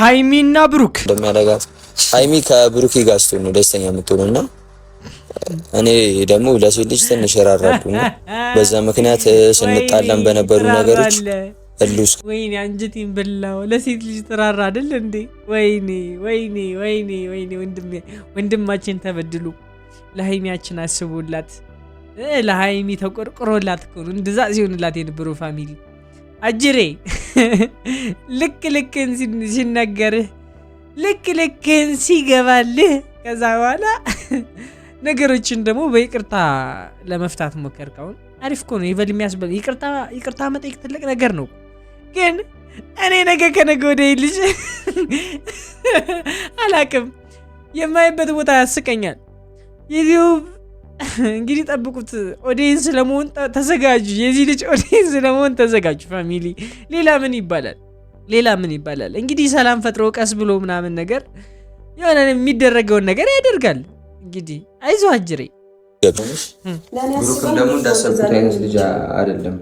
ሀይሚና ብሩክ እንደሚያደርጋት ሀይሚ ከብሩክ ጋር ስትሆን ደስተኛ የምትሆነው እና እኔ ደግሞ ለሴት ልጅ ትንሽ ራራኩ ነው። በዛ ምክንያት ስንጣላም በነበሩ ነገሮች እሉስ ወይኔ አንጀቴን በላው። ለሴት ልጅ ትራራ አይደል እንዴ? ወይኔ ወይኔ ወይኔ ወይኔ ወንድሜ ወንድማችን ተበድሉ። ለሀይሚያችን አስቡላት። ለሀይሚ ተቆርቆሮላት እኮ ነው እንደዛ ሲሆንላት የነበረው ፋሚሊ አጅሬ ልክ ልክን ሲነገርህ ልክ ልክን ሲገባልህ ከዛ በኋላ ነገሮችን ደግሞ በይቅርታ ለመፍታት ሞከርክ። አሁን አሪፍ እኮ ነው። ይበል የሚያስበል ይቅርታ መጠየቅ ትልቅ ነገር ነው። ግን እኔ ነገ ከነገ ወዲያ ልጅ አላቅም የማይበት ቦታ ያስቀኛል ዩቲዩብ እንግዲህ ጠብቁት። ኦዲየንስ ለመሆን ተዘጋጁ። የዚህ ልጅ ኦዲየንስ ለመሆን ተዘጋጁ። ፋሚሊ ሌላ ምን ይባላል? ሌላ ምን ይባላል? እንግዲህ ሰላም ፈጥሮ ቀስ ብሎ ምናምን ነገር የሆነ የሚደረገውን ነገር ያደርጋል። እንግዲህ አይዞ አጅሬ ደግሞ እንዳሰብኩት አይነት ልጅ አይደለም።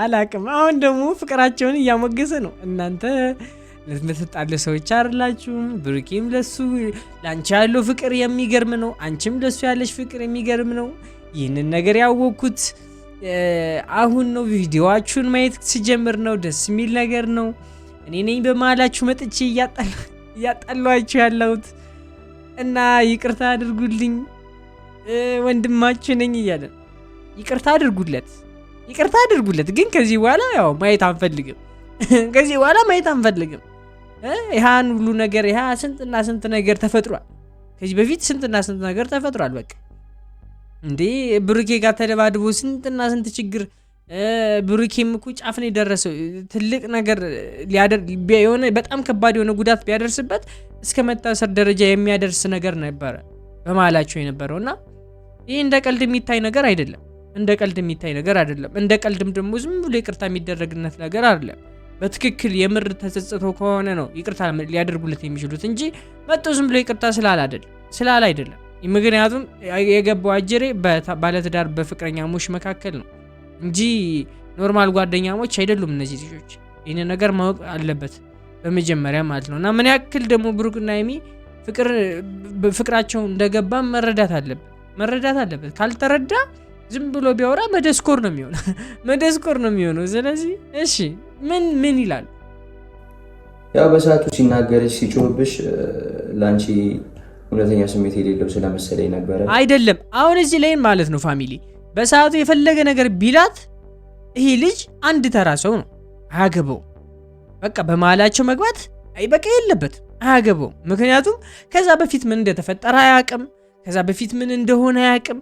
አላቅም። አሁን ደግሞ ፍቅራቸውን እያሞገሰ ነው እናንተ ለተጣለ ሰዎች አይደላችሁም። ብሩኬም ለሱ ለአንቺ ያለው ፍቅር የሚገርም ነው። አንቺም ለሱ ያለሽ ፍቅር የሚገርም ነው። ይህንን ነገር ያወቅኩት አሁን ነው። ቪዲዮችሁን ማየት ስጀምር ነው። ደስ የሚል ነገር ነው። እኔ ነኝ በመሀላችሁ መጥቼ እያጣሏችሁ ያለሁት እና ይቅርታ አድርጉልኝ ወንድማችሁ ነኝ እያለ ይቅርታ አድርጉለት፣ ይቅርታ አድርጉለት። ግን ከዚህ በኋላ ያው ማየት አንፈልግም። ከዚህ በኋላ ማየት አንፈልግም። ይህን ሁሉ ነገር ይ ስንትና ስንት ነገር ተፈጥሯል። ከዚህ በፊት ስንትና ስንት ነገር ተፈጥሯል። በቃ እንዴ ብሩኬ ጋር ተደባድቦ ስንትና ስንት ችግር ብሩኬም እኮ ጫፍ ነው የደረሰው። ትልቅ ነገር የሆነ በጣም ከባድ የሆነ ጉዳት ቢያደርስበት እስከ መታሰር ደረጃ የሚያደርስ ነገር ነበረ በማላቸው የነበረው እና ይህ እንደ ቀልድ የሚታይ ነገር አይደለም። እንደ ቀልድ የሚታይ ነገር አይደለም። እንደ ቀልድም ደግሞ ዝም ብሎ ይቅርታ የሚደረግነት ነገር አይደለም። በትክክል የምር ተጸጽቶ ከሆነ ነው ይቅርታ ሊያደርጉለት የሚችሉት እንጂ መጥቶ ዝም ብሎ ይቅርታ ስላል አይደለም። ምክንያቱም የገባው አጀሬ ባለትዳር በፍቅረኛሞች መካከል ነው እንጂ ኖርማል ጓደኛሞች አይደሉም እነዚህ ልጆች። ይህን ነገር ማወቅ አለበት በመጀመሪያ ማለት ነው። እና ምን ያክል ደግሞ ብሩክና ሀይሚ ፍቅራቸው እንደገባ መረዳት አለበት መረዳት አለበት። ካልተረዳ ዝም ብሎ ቢያወራ መደስኮር ነው የሚሆነው መደስኮር ነው የሚሆነው። ስለዚህ እሺ ምን ምን ይላል? ያው በሰዓቱ ሲናገርሽ ሲጮህብሽ ለአንቺ እውነተኛ ስሜት የሌለው ስለመሰለኝ ነበረ። አይደለም አሁን እዚህ ላይን ማለት ነው ፋሚሊ በሰዓቱ የፈለገ ነገር ቢላት ይሄ ልጅ አንድ ተራ ሰው ነው፣ አያገበው በቃ በመሀላቸው መግባት አይበቃ የለበት አያገበው። ምክንያቱም ከዛ በፊት ምን እንደተፈጠረ አያውቅም። ከዛ በፊት ምን እንደሆነ አያውቅም።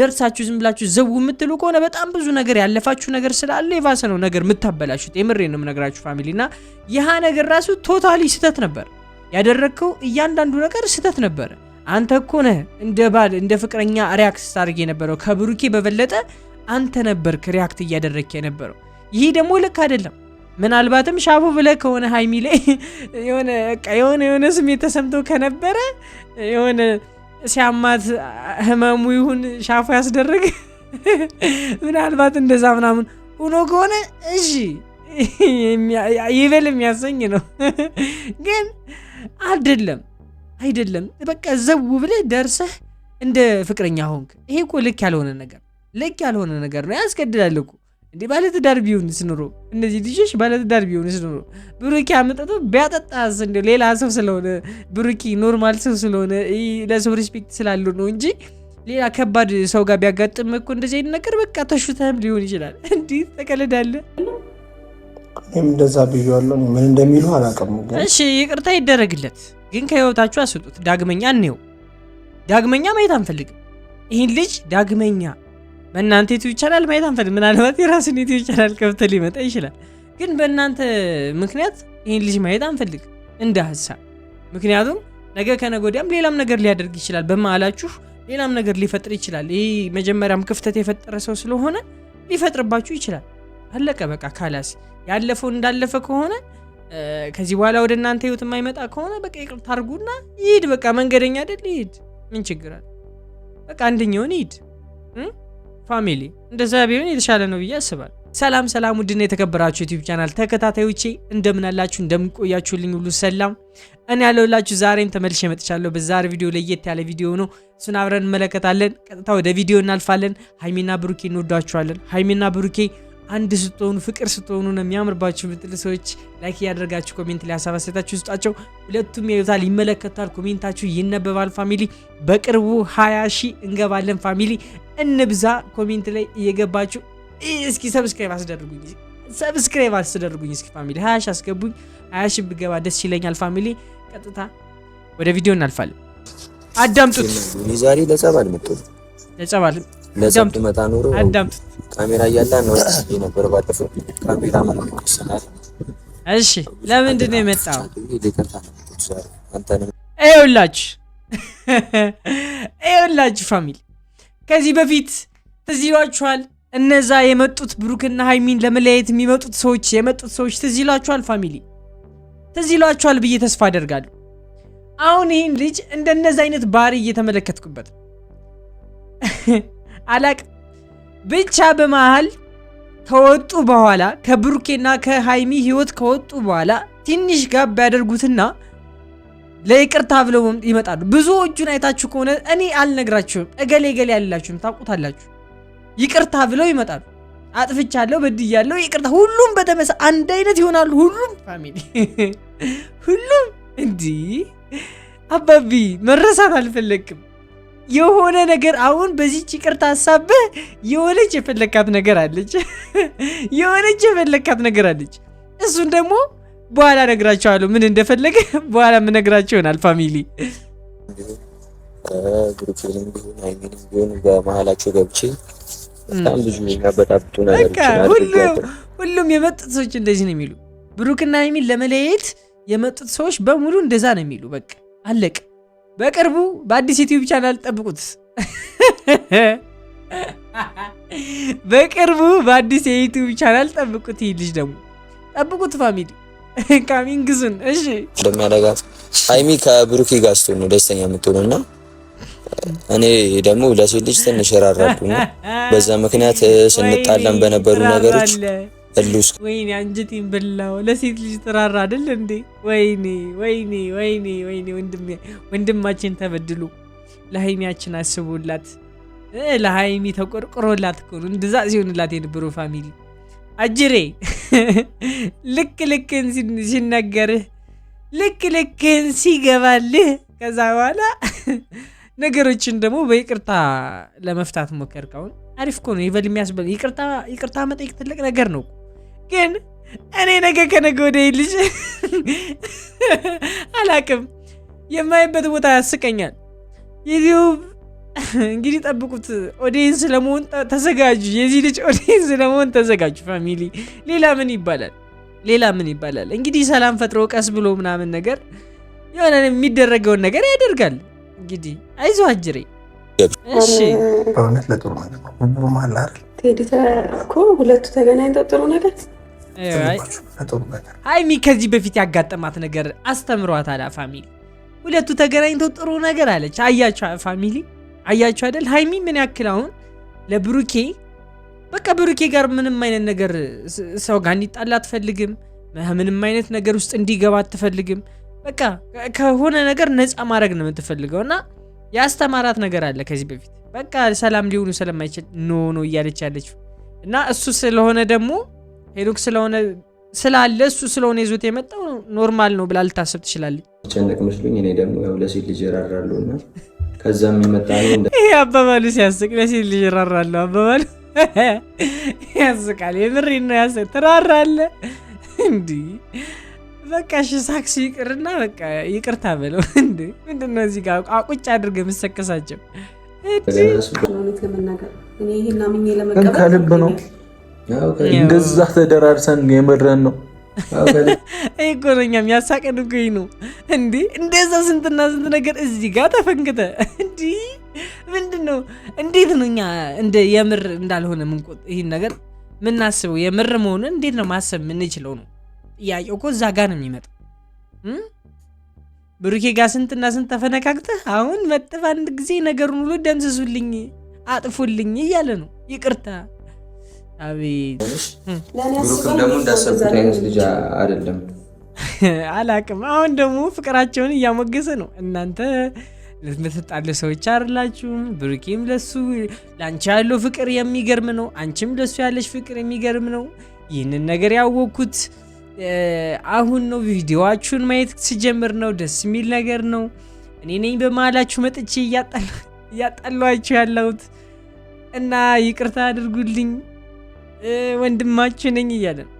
ደርሳችሁ ዝም ብላችሁ ዘው የምትሉ ከሆነ በጣም ብዙ ነገር ያለፋችሁ ነገር ስላለ የባሰ ነው ነገር የምታበላሹት። የምሬ ነው የምነግራችሁ ፋሚሊ እና ይህ ነገር ራሱ ቶታሊ ስህተት ነበር ያደረግከው። እያንዳንዱ ነገር ስህተት ነበር። አንተ እኮ ነህ እንደ ባል እንደ ፍቅረኛ ሪያክት ስታደርግ የነበረው ከብሩኬ በበለጠ አንተ ነበርክ ሪያክት እያደረግክ የነበረው። ይሄ ደግሞ ልክ አይደለም። ምናልባትም ሻቦ ብለህ ከሆነ ሀይሚ ላይ የሆነ የሆነ የሆነ ስሜት ተሰምቶ ከነበረ የሆነ ሲያማት ህመሙ ይሁን ሻፎ ያስደረግ ምናልባት እንደዛ ምናምን ሆኖ ከሆነ እሺ ይበል የሚያሰኝ ነው። ግን አይደለም አይደለም፣ በቃ ዘው ብለህ ደርሰህ እንደ ፍቅረኛ ሆንክ። ይሄ እኮ ልክ ያልሆነ ነገር ልክ ያልሆነ ነገር ነው፣ ያስገድዳል እኮ እንዴ ባለትዳር ቢሆንስ ኑሮ እነዚህ ልጆች ባለትዳር ቢሆንስ ኑሮ ብሩኪ አመጠጡ ቢያጠጣስ እንደ ሌላ ሰው ስለሆነ ብሩኪ ኖርማል ሰው ስለሆነ ለሰው ሪስፔክት ስላለው ነው እንጂ ሌላ ከባድ ሰው ጋር ቢያጋጥም እኮ እንደዚህ አይነት ነገር በቃ ተሹተም ሊሆን ይችላል። እንዲህ ተቀልዳለ። እኔም እንደዛ ብያለሁ። ምን እንደሚሉ አላውቅም። እሺ ይቅርታ ይደረግለት፣ ግን ከህይወታችሁ አስወጡት። ዳግመኛ እንየው። ዳግመኛ ማየት አንፈልግም። ይህን ልጅ ዳግመኛ በእናንተ ዩቲዩብ ቻናል ማየት አንፈልግም። ምናልባት የራስን ዩቲዩብ ቻናል ከፍቶ ሊመጣ ይችላል፣ ግን በእናንተ ምክንያት ይህን ልጅ ማየት አንፈልግ እንደ ሀሳብ። ምክንያቱም ነገ ከነገ ወዲያም ሌላም ነገር ሊያደርግ ይችላል፣ በመሀላችሁ ሌላም ነገር ሊፈጥር ይችላል። ይህ መጀመሪያም ክፍተት የፈጠረ ሰው ስለሆነ ሊፈጥርባችሁ ይችላል። አለቀ በቃ ካላስ ያለፈው እንዳለፈ ከሆነ ከዚህ በኋላ ወደ እናንተ ህይወት የማይመጣ ከሆነ በቃ ይቅርታ አድርጉና ይሂድ። በቃ መንገደኛ አይደል? ይሂድ። ምን ችግር አለ? በቃ አንደኛውን ይሂድ። ፋሚሊ እንደዛ ቢሆን የተሻለ ነው ብዬ አስባል። ሰላም ሰላም፣ ውድና የተከበራችሁ ዩቲዩብ ቻናል ተከታታዮቼ እንደምናላችሁ እንደምንቆያችሁልኝ ሁሉ ሰላም እኔ ያለሁላችሁ ዛሬም ተመልሼ መጥቻለሁ። በዛሬ ቪዲዮ ለየት ያለ ቪዲዮ ነው። እሱን አብረን እንመለከታለን። ቀጥታ ወደ ቪዲዮ እናልፋለን። ሀይሚና ብሩኬ እንወዳችኋለን። ሀይሚና ብሩኬ አንድ ስትሆኑ ፍቅር ስትሆኑ ነው የሚያምርባቸው ምትል ሰዎች ላይክ እያደረጋችሁ ኮሜንት ላይ ሀሳብ አስተያየታችሁ ስጣቸው። ሁለቱም ያዩታል፣ ይመለከታል፣ ኮሜንታችሁ ይነበባል። ፋሚሊ በቅርቡ ሀያ ሺህ እንገባለን። ፋሚሊ እንብዛ። ኮሜንት ላይ እየገባችሁ እስኪ ሰብስክራይብ አስደርጉኝ፣ ሰብስክራይብ አስደርጉኝ። እስኪ ፋሚሊ ሀያ ሺህ አስገቡኝ። ሀያ ሺህ ብገባ ደስ ይለኛል። ፋሚሊ ቀጥታ ወደ ቪዲዮ እናልፋለን። አዳምጡት። ዛሬ ለጸብ አልመጡም። ለጸብ ኖሮ አዳምጡት ካሜራ እያለ ነው ነበር ባለፈው ካሜራ ማለት እሺ፣ ለምንድን ነው የመጣው? ይኸውላችሁ ይኸውላችሁ ፋሚሊ ከዚህ በፊት ትዝ ይሏችኋል። እነዛ የመጡት ብሩክና ሀይሚን ለመለያየት የሚመጡት ሰዎች የመጡት ሰዎች ትዝ ይሏችኋል። ፋሚሊ ትዝ ይሏችኋል ብዬ ተስፋ አደርጋለሁ። አሁን ይህን ልጅ እንደነዚ አይነት ባህሪ እየተመለከትኩበት አላቅ ብቻ በመሃል ከወጡ በኋላ ከብሩኬና ከሃይሚ ህይወት ከወጡ በኋላ ትንሽ ጋብ ቢያደርጉትና ለይቅርታ ብለው ይመጣሉ። ብዙዎቹን አይታችሁ ከሆነ እኔ አልነግራችሁም፣ እገሌ እገሌ ያላችሁም ታውቁታላችሁ። ይቅርታ ብለው ይመጣሉ። አጥፍቻለሁ፣ በድያለሁ፣ ይቅርታ። ሁሉም በተመሰ አንድ አይነት ይሆናሉ። ሁሉም ፋሚሊ፣ ሁሉም እንዲህ አባቢ መረሳት አልፈለግም። የሆነ ነገር አሁን በዚች ይቅርታ ሀሳብህ የሆነች የፈለካት ነገር አለች፣ የሆነች የፈለካት ነገር አለች። እሱን ደግሞ በኋላ እነግራቸዋለሁ። ምን እንደፈለገ በኋላ የምነግራቸው ይሆናል። ፋሚሊ ግሩፕንም ቢሆን አይሚንም ቢሆን በመሀላቸው ገብቼ በጣም ብዙ የሚያበጣብጡ ሁሉም የመጡት ሰዎች እንደዚህ ነው የሚሉ ብሩክና ሚል ለመለየት የመጡት ሰዎች በሙሉ እንደዛ ነው የሚሉ። በቃ አለቅ በቅርቡ በአዲስ ዩቲዩብ ቻናል ጠብቁት። በቅርቡ በአዲስ የዩቲዩብ ቻናል ጠብቁት። ይህ ልጅ ደግሞ ጠብቁት። ፋሚሊ ካሚንግዙን እሺ እንደሚያደርጋት ሀይሚ ከብሩኪ ጋር ስትሆን ነው ደስተኛ የምትሆኑ እና እኔ ደግሞ ለሴት ልጅ ትንሽ እራራለሁ። በዛ ምክንያት ስንጣለን በነበሩ ነገሮች እሉስ ወይኔ አንጀቴን በላው። ለሴት ልጅ ተራራ አይደል እንዴ? ወይኔ ወይኔ ወይኔ ወይኔ ወንድማችን ተበድሉ። ለሀይሚያችን አስቦላት ለሀይሚ ተቆርቆሮላት ከሆኑ እንደዛ ሲሆንላት የነበረው ፋሚሊ አጅሬ ልክ ልክን ሲነገርህ ልክ ልክን ሲገባልህ ከዛ በኋላ ነገሮችን ደግሞ በይቅርታ ለመፍታት ሞከርክ። አሪፍ እኮ ነው። ይበል የሚያስበል ይቅርታ መጠየቅ ትልቅ ነገር ነው። ግን እኔ ነገ ከነገ ወደ ልጅ አላቅም የማይበት ቦታ ያስቀኛል። የዚሁ እንግዲህ ጠብቁት። ኦዲየንስ ለመሆን ተዘጋጁ። የዚህ ልጅ ኦዲየንስ ለመሆን ተዘጋጁ። ፋሚሊ ሌላ ምን ይባላል? ሌላ ምን ይባላል? እንግዲህ ሰላም ፈጥሮ ቀስ ብሎ ምናምን ነገር የሆነ የሚደረገውን ነገር ያደርጋል። እንግዲህ አይዞ አጅሬ። በእውነት ለጥሩ ነገር ሁለቱ ተገናኝተው ጥሩ ነገር ሀይሚ ከዚህ በፊት ያጋጠማት ነገር አስተምሯት አላ ፋሚሊ ሁለቱ ተገናኝተው ጥሩ ነገር አለች። አያችሁ ፋሚሊ አያችሁ አይደል? ሀይሚ ምን ያክል አሁን ለብሩኬ በቃ ብሩኬ ጋር ምንም አይነት ነገር ሰው ጋር እንዲጣላ አትፈልግም። ምንም አይነት ነገር ውስጥ እንዲገባ አትፈልግም። በቃ ከሆነ ነገር ነፃ ማድረግ ነው የምትፈልገው እና ያስተማራት ነገር አለ ከዚህ በፊት በቃ ሰላም ሊሆኑ ስለማይችል ኖ ኖ እያለች ያለችው እና እሱ ስለሆነ ደግሞ ሄኖክ ስለሆነ ስላለ እሱ ስለሆነ ይዞት የመጣው ኖርማል ነው ብላ ልታስብ ትችላለች። ጨነቅ መስሎኝ እኔ ደግሞ ያው ለሴት ልጅ ራራሉ እና ከዛ የመጣ ነው ይህ አባባሉ ሲያስቅ ለሴት ልጅ ራራሉ አባባሉ ያስቃል። የምሬ ነው ያስ ትራራለ እንዲ በቃ እሺ ሳክስ ይቅርና በቃ ይቅርታ በለው እንዲ ምንድን ነው እዚህ ጋር አቁጭ አድርገህ የምትሰከሳቸው? እውነት ለመናገር እኔ ይሄን አምኜ ለመቀበል ከልብ ነው እንደዛ ተደራርሰን የምረን ነው እኮ ነው እኛ የሚያሳቀን እኮ ነው። እንዲ እንደዛ ስንትና ስንት ነገር እዚህ ጋር ተፈንክተ እንዲ ምንድን ነው እንዴት ነው እኛ እንደ የምር እንዳልሆነ ይህን ነገር ምናስበው የምር መሆኑን እንዴት ነው ማሰብ የምንችለው ነው ጥያቄው። እኮ እዛ ጋር ነው የሚመጣው። ብሩኬ ጋር ስንትና ስንት ተፈነካክተህ አሁን መጥፍ አንድ ጊዜ ነገሩን ሁሉ ደምስሱልኝ፣ አጥፉልኝ እያለ ነው ይቅርታ አቤት ብሩክም ደግሞ እንዳሰብኩት አይነት ልጅ አይደለም። አላቅም። አሁን ደግሞ ፍቅራቸውን እያሞገሰ ነው። እናንተ ለምትጣሉ ሰዎች አይደላችሁም። ብሩኬም ለሱ ለአንቺ ያለው ፍቅር የሚገርም ነው። አንቺም ለሱ ያለች ፍቅር የሚገርም ነው። ይህንን ነገር ያወቅኩት አሁን ነው። ቪዲዮዋችሁን ማየት ስጀምር ነው። ደስ የሚል ነገር ነው። እኔ ነኝ በመሀላችሁ መጥቼ እያጣሏችሁ ያለሁት እና ይቅርታ አድርጉልኝ። ወንድማችን ነኝ እያለ ነው።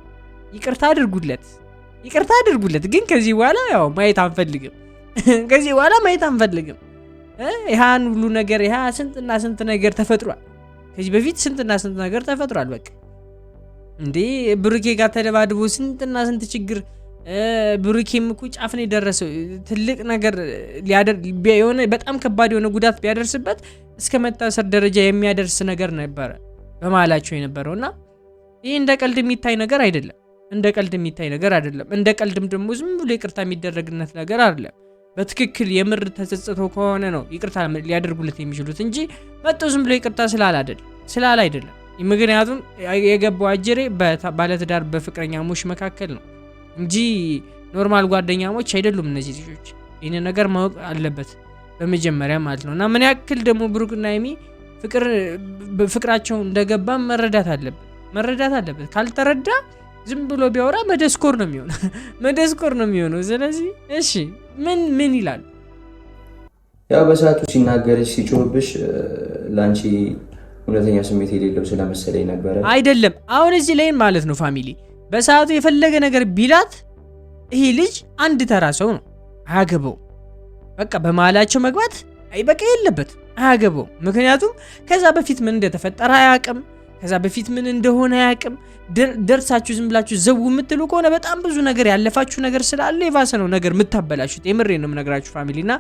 ይቅርታ አድርጉለት፣ ይቅርታ አድርጉለት። ግን ከዚህ በኋላ ያው ማየት አንፈልግም፣ ከዚህ በኋላ ማየት አንፈልግም። ይህን ሁሉ ነገር ይህ ስንትና ስንት ነገር ተፈጥሯል። ከዚህ በፊት ስንትና ስንት ነገር ተፈጥሯል። በቃ እንዴ ብሩኬ ጋር ተደባድቦ ስንትና ስንት ችግር ብሩኬም እኮ ጫፍ ነው የደረሰው። ትልቅ ነገር የሆነ በጣም ከባድ የሆነ ጉዳት ቢያደርስበት እስከ መታሰር ደረጃ የሚያደርስ ነገር ነበረ በመሀላቸው የነበረው እና ይህ እንደ ቀልድ የሚታይ ነገር አይደለም። እንደ ቀልድ የሚታይ ነገር አይደለም። እንደ ቀልድም ደግሞ ዝም ብሎ ይቅርታ የሚደረግነት ነገር አይደለም። በትክክል የምር ተጸጽቶ ከሆነ ነው ይቅርታ ሊያደርጉለት የሚችሉት እንጂ መጥቶ ዝም ብሎ ይቅርታ ስላል አይደለም። ምክንያቱም የገባው አጀሬ ባለትዳር በፍቅረኛሞች መካከል ነው እንጂ ኖርማል ጓደኛሞች አይደሉም እነዚህ ልጆች። ይህን ነገር ማወቅ አለበት በመጀመሪያ ማለት ነው። እና ምን ያክል ደግሞ ብሩክና ሀይሚ ፍቅራቸው እንደገባ መረዳት አለበት። መረዳት አለበት። ካልተረዳ ዝም ብሎ ቢያወራ መደስኮር ነው የሚሆነው፣ መደስኮር ነው የሚሆነው። ስለዚህ እሺ ምን ምን ይላል? ያው በሰዓቱ ሲናገርሽ ሲጮህብሽ ለአንቺ እውነተኛ ስሜት የሌለው ስለመሰለኝ ነበረ። አይደለም አሁን እዚህ ላይ ማለት ነው ፋሚሊ በሰዓቱ የፈለገ ነገር ቢላት ይሄ ልጅ አንድ ተራ ሰው ነው፣ አያገበው በቃ በመሀላቸው መግባት አይበቃ የለበት አያገበው። ምክንያቱም ከዛ በፊት ምን እንደተፈጠረ አያውቅም። ከዛ በፊት ምን እንደሆነ አያውቅም። ደርሳችሁ ዝም ብላችሁ ዘው የምትሉ ከሆነ በጣም ብዙ ነገር ያለፋችሁ ነገር ስላለ የባሰ ነው ነገር የምታበላሹት። የምሬ ነው የምነግራችሁ ፋሚሊ እና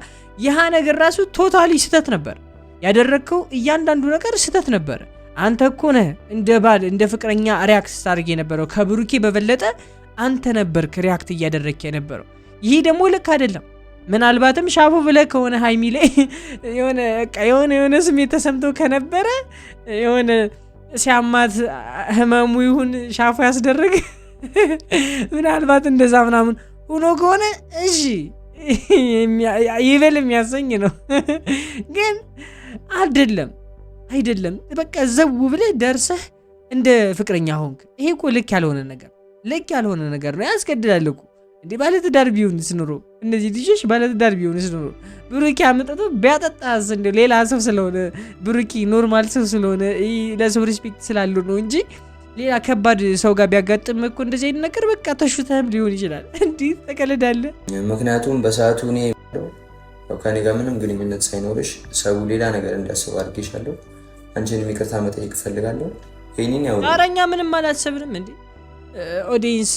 ይህ ነገር ራሱ ቶታሊ ስህተት ነበር ያደረግከው። እያንዳንዱ ነገር ስህተት ነበር። አንተ እኮ ነህ እንደ ባል እንደ ፍቅረኛ ሪያክት ስታደርግ የነበረው ከብሩኬ በበለጠ አንተ ነበርክ ሪያክት እያደረግክ የነበረው። ይሄ ደግሞ ልክ አይደለም። ምናልባትም ሻቦ ብለህ ከሆነ ሀይሚ ላይ የሆነ የሆነ የሆነ ስሜት ተሰምቶ ከነበረ የሆነ ሲያማት ህመሙ ይሁን ሻፉ ያስደረግ ምናልባት እንደዛ ምናምን ሆኖ ከሆነ እሺ ይበል የሚያሰኝ ነው። ግን አይደለም አይደለም፣ በቃ ዘው ብለህ ደርሰህ እንደ ፍቅረኛ ሆንክ። ይሄ እኮ ልክ ያልሆነ ነገር ልክ ያልሆነ ነገር ነው፣ ያስገድዳል እኮ እንዴ ባለትዳር ቢሆን ኑሮ እነዚህ ልጆች ባለትዳር ቢሆን ኑሮ ብሩኪ አመጣቶ ቢያጠጣስ እንደ ሌላ ሰው ስለሆነ ብሩኪ ኖርማል ሰው ስለሆነ ለሰው ሪስፔክት ስላለው ነው እንጂ ሌላ ከባድ ሰው ጋር ቢያጋጥም እኮ እንደዚህ አይነት ነገር በቃ ተሹተም ሊሆን ይችላል። እንዲህ ተቀልዳለ። ምክንያቱም በሰዓቱ እኔ ከኔ ጋር ምንም ግንኙነት ሳይኖርሽ ሰው ሌላ ነገር እንዲያስብ አድርጌሻለሁ። አንቺን ይቅርታ መጠየቅ እፈልጋለሁ። ይህንን ያው ኧረ እኛ ምንም አላሰብንም። እንዴ ኦዲየንስ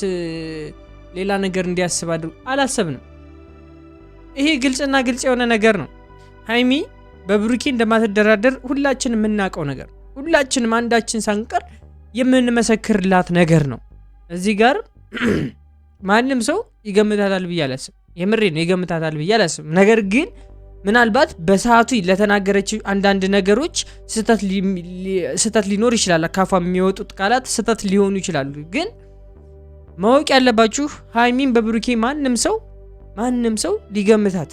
ሌላ ነገር እንዲያስብ አድርጉ አላሰብንም። ይሄ ግልጽና ግልጽ የሆነ ነገር ነው። ሀይሚ በብሩኬ እንደማትደራደር ሁላችን የምናውቀው ነገር ሁላችንም አንዳችን ሳንቀር የምንመሰክርላት ነገር ነው። እዚህ ጋር ማንም ሰው ይገምታታል ብዬ አላስብ የምሬ ነው፣ ይገምታታል ብዬ አላስብ ነገር ግን ምናልባት በሰዓቱ ለተናገረች አንዳንድ ነገሮች ስህተት ሊኖር ይችላል። ካፏ የሚወጡት ቃላት ስህተት ሊሆኑ ይችላሉ ግን ማወቅ ያለባችሁ ሀይሚን በብሩኬ ማንም ሰው ማንም ሰው ሊገምታት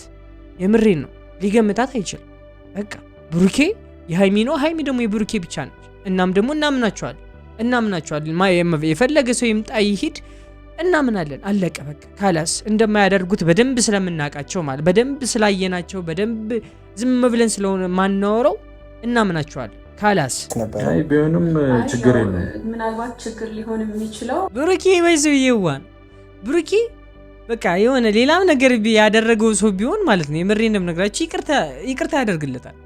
የምሬን ነው ሊገምታት አይችልም። በቃ ብሩኬ የሀይሚ ነው፣ ሀይሚ ደግሞ የብሩኬ ብቻ ነች። እናም ደግሞ እናምናቸዋል እናምናቸዋል። የፈለገ ሰው ይምጣ ይሂድ እናምናለን። አለቀ በቃ ካላስ እንደማያደርጉት በደንብ ስለምናቃቸው ማለት በደንብ ስላየናቸው በደንብ ዝም ብለን ስለሆነ ማናወረው እናምናቸዋለን። ካላስ ቢሆንም ችግር የለም። ምናልባት ችግር ሊሆን የሚችለው ብሩኬ በዚህ ይዋን ብሩኬ በቃ የሆነ ሌላም ነገር ያደረገው ሰው ቢሆን ማለት ነው። የምሬ ነገራችሁ ይቅርታ ያደርግለታል፣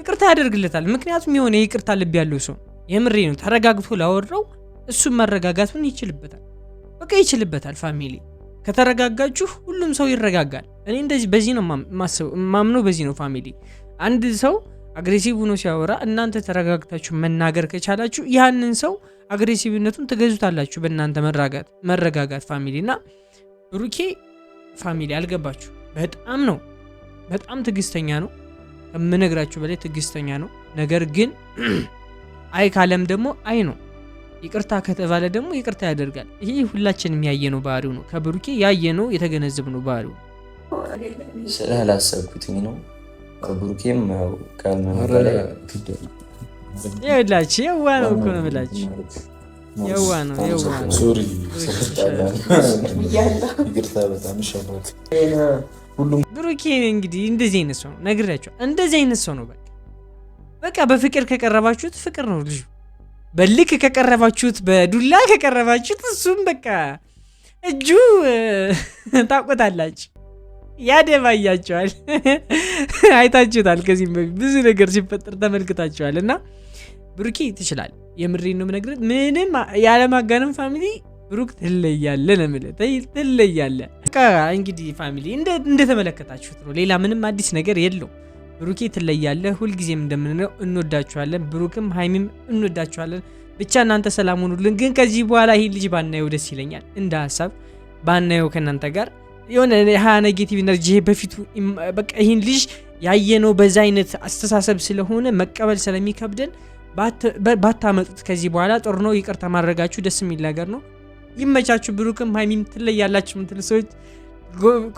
ይቅርታ ያደርግለታል። ምክንያቱም የሆነ ይቅርታ ልብ ያለው ሰው የምሬ ነው። ተረጋግቶ ላወራው እሱም መረጋጋቱን ይችልበታል፣ በቃ ይችልበታል። ፋሚሊ ከተረጋጋችሁ ሁሉም ሰው ይረጋጋል። እኔ እንደዚህ በዚህ ነው ማምነው፣ በዚህ ነው ፋሚሊ አንድ ሰው አግሬሲቭ ሆኖ ሲያወራ እናንተ ተረጋግታችሁ መናገር ከቻላችሁ ያንን ሰው አግሬሲቭነቱን ትገዙታላችሁ በእናንተ መረጋጋት። ፋሚሊ እና ብሩኬ ፋሚሊ አልገባችሁ። በጣም ነው በጣም ትግስተኛ ነው፣ ከምነግራችሁ በላይ ትግስተኛ ነው። ነገር ግን አይ ካለም ደግሞ አይ ነው። ይቅርታ ከተባለ ደግሞ ይቅርታ ያደርጋል። ይሄ ሁላችንም ያየነው ባህሪው ነው። ከብሩኬ ያየነው የተገነዘብነው ባህሪው ስላላሰብኩትኝ ነው ብሩኬም ይኸውላችሁ የዋ ነው እኮ ነው የምላችሁ። የዋ ነው የዋ ነው። ብሩኬ እንግዲህ እንደዚህ አይነት ሰው ነው ነግራቸው፣ እንደዚህ አይነት ሰው ነው በቃ በቃ በፍቅር ከቀረባችሁት ፍቅር ነው ልጁ። በልክ ከቀረባችሁት፣ በዱላ ከቀረባችሁት እሱም በቃ እጁ ታቆታላችሁ። ያደባያቸዋል። አይታችሁታል። ከዚህም በፊት ብዙ ነገር ሲፈጠር ተመልክታችኋል። እና ብሩኪ ትችላል። የምሬን ነው የምነግርህ። ምንም ያለማጋነን ፋሚሊ ብሩክ ትለያለ ነው የምልህ። ትለያለህ። እንግዲህ ፋሚሊ እንደተመለከታችሁት ነው። ሌላ ምንም አዲስ ነገር የለው። ብሩኬ ትለያለ። ሁልጊዜም እንደምንለው እንወዳችኋለን። ብሩክም ሀይሚም እንወዳችኋለን። ብቻ እናንተ ሰላም ሆኑልን። ግን ከዚህ በኋላ ይህ ልጅ ባናየው ደስ ይለኛል። እንደ ሀሳብ ባናየው ከእናንተ ጋር የሆነ ሀ ኔጌቲቭ ኤነርጂ በፊቱ በቃ ይህን ልጅ ያየነው በዛ አይነት አስተሳሰብ ስለሆነ መቀበል ስለሚከብደን ባታመጡት ከዚህ በኋላ ጥሩ ነው። ይቅርታ ማድረጋችሁ ደስ የሚል ነገር ነው። ይመቻችሁ። ብሩክም ሀይሚም ትለያላችሁ ምትል ሰዎች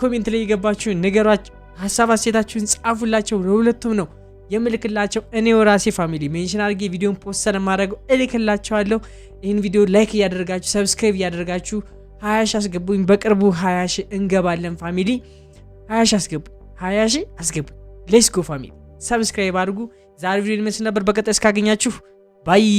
ኮሜንት ላይ የገባችሁ ነገሯቸው፣ ሀሳብ አሴታችሁን ጻፉላቸው። ለሁለቱም ነው የምልክላቸው እኔ ወራሴ ፋሚሊ ሜንሽን አድርጌ ቪዲዮን ፖስት ማድረገው እልክላቸዋለሁ። ይህን ቪዲዮ ላይክ እያደረጋችሁ ሰብስክራይብ እያደረጋችሁ ሀያ ሺ አስገቡኝ። በቅርቡ ሀያ ሺ እንገባለን ፋሚሊ፣ ሀያ ሺ አስገቡኝ፣ ሀያ ሺ አስገቡኝ። ሌስጎ ፋሚሊ፣ ሰብስክራይብ አድርጉ። ዛሬ ቪዲዮ ይመስል ነበር። በቀጣይ እስካገኛችሁ ባይ